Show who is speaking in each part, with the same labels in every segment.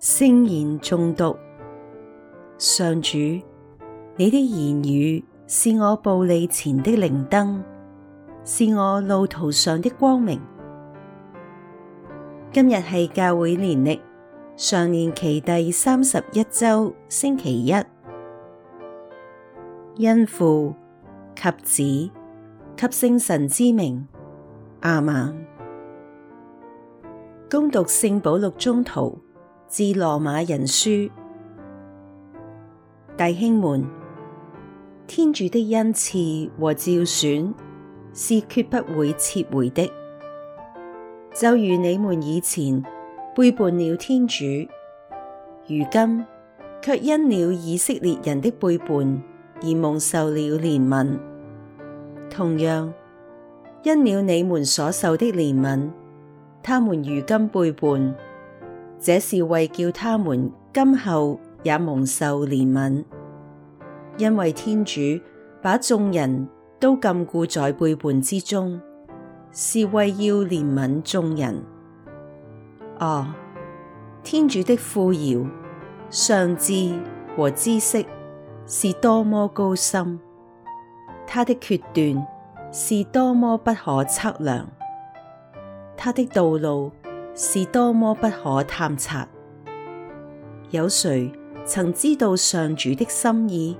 Speaker 1: 聖言誦讀，上主，你的言語是我步履前的靈燈，是我路途上的光明。今日係教會年曆常年期第三十一周星期一，因父及子及聖神之名，亞孟，恭讀聖保祿宗徒。致羅馬人書，弟兄們，天主的恩賜和召選是決不會撤回的。就如你們以前背叛了天主，如今卻因了以色列人的背叛而蒙受了憐憫，同樣因了你們所受的憐憫，他們如今背叛。這是為叫他們今後也蒙受憐憫，因為天主把眾人都禁錮在背叛之中，是為要憐憫眾人。哦、啊，天主的富饒、上智和知識，是多麼高深，他的決斷是多麼不可測量，他的道路。是多麼不可探察，有誰曾知道上主的心意？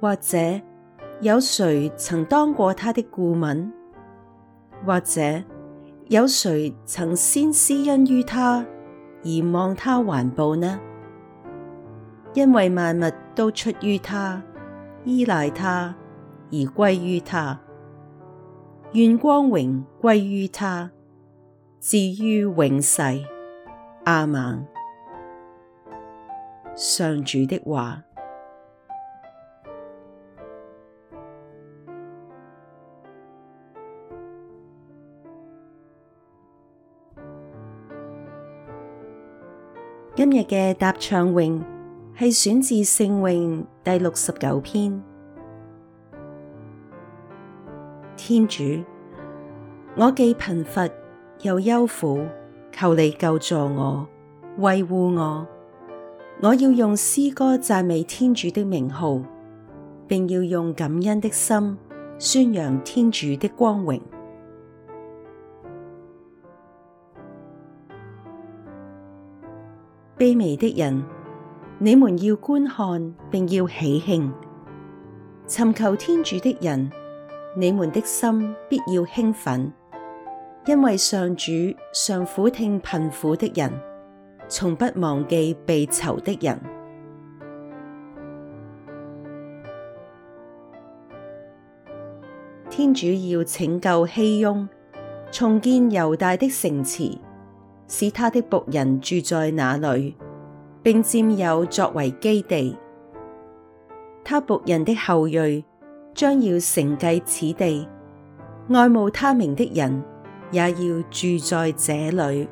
Speaker 1: 或者有誰曾當過他的顧問？或者有誰曾先施恩於他而望他還報呢？因為萬物都出於他，依賴他而歸於他，願光榮歸於他。願光榮至於永世，亞孟。上主的話。今日嘅答唱詠係選自聖詠第六十九篇。天主，我既貧乏。又憂苦，求你救助我、衛護我。我要用詩歌讚美天主的名號，並要用感恩的心宣揚天主的光榮。卑微的人，你們要觀看並要喜慶；尋求天主的人，你們的心必要興奮。因為上主常俯聽貧苦的人，從不忘記被囚的人。天主要拯救熙雍，重建猶大的城池，使他的僕人住在那裏，並佔有作為基地。他僕人的後裔將要承繼此地，愛慕他名的人。也要住在這裏。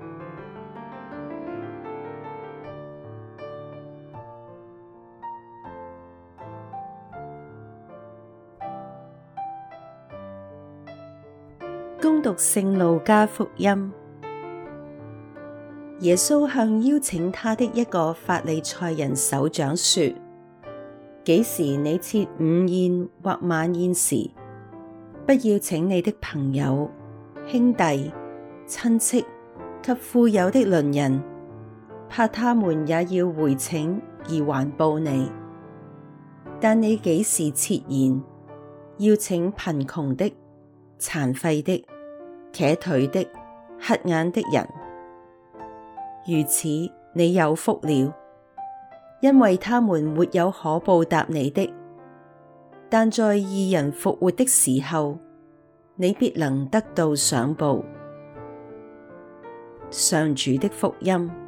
Speaker 1: 恭讀聖路加福音，耶穌向邀請他的一個法利塞人首長說：幾時你設午宴或晚宴時，不要請你的朋友，兄弟、親戚及富有的鄰人，怕他們也要回請而還報你。但你幾時設筵，要請貧窮的、殘廢的、瘸腿的、瞎眼的、的、的人。如此，你有福了，因為他們沒有可報答你的，但在義人復活的時候，你必能得到償報。上主的福音。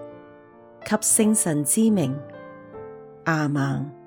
Speaker 1: 及聖神之名，亞孟。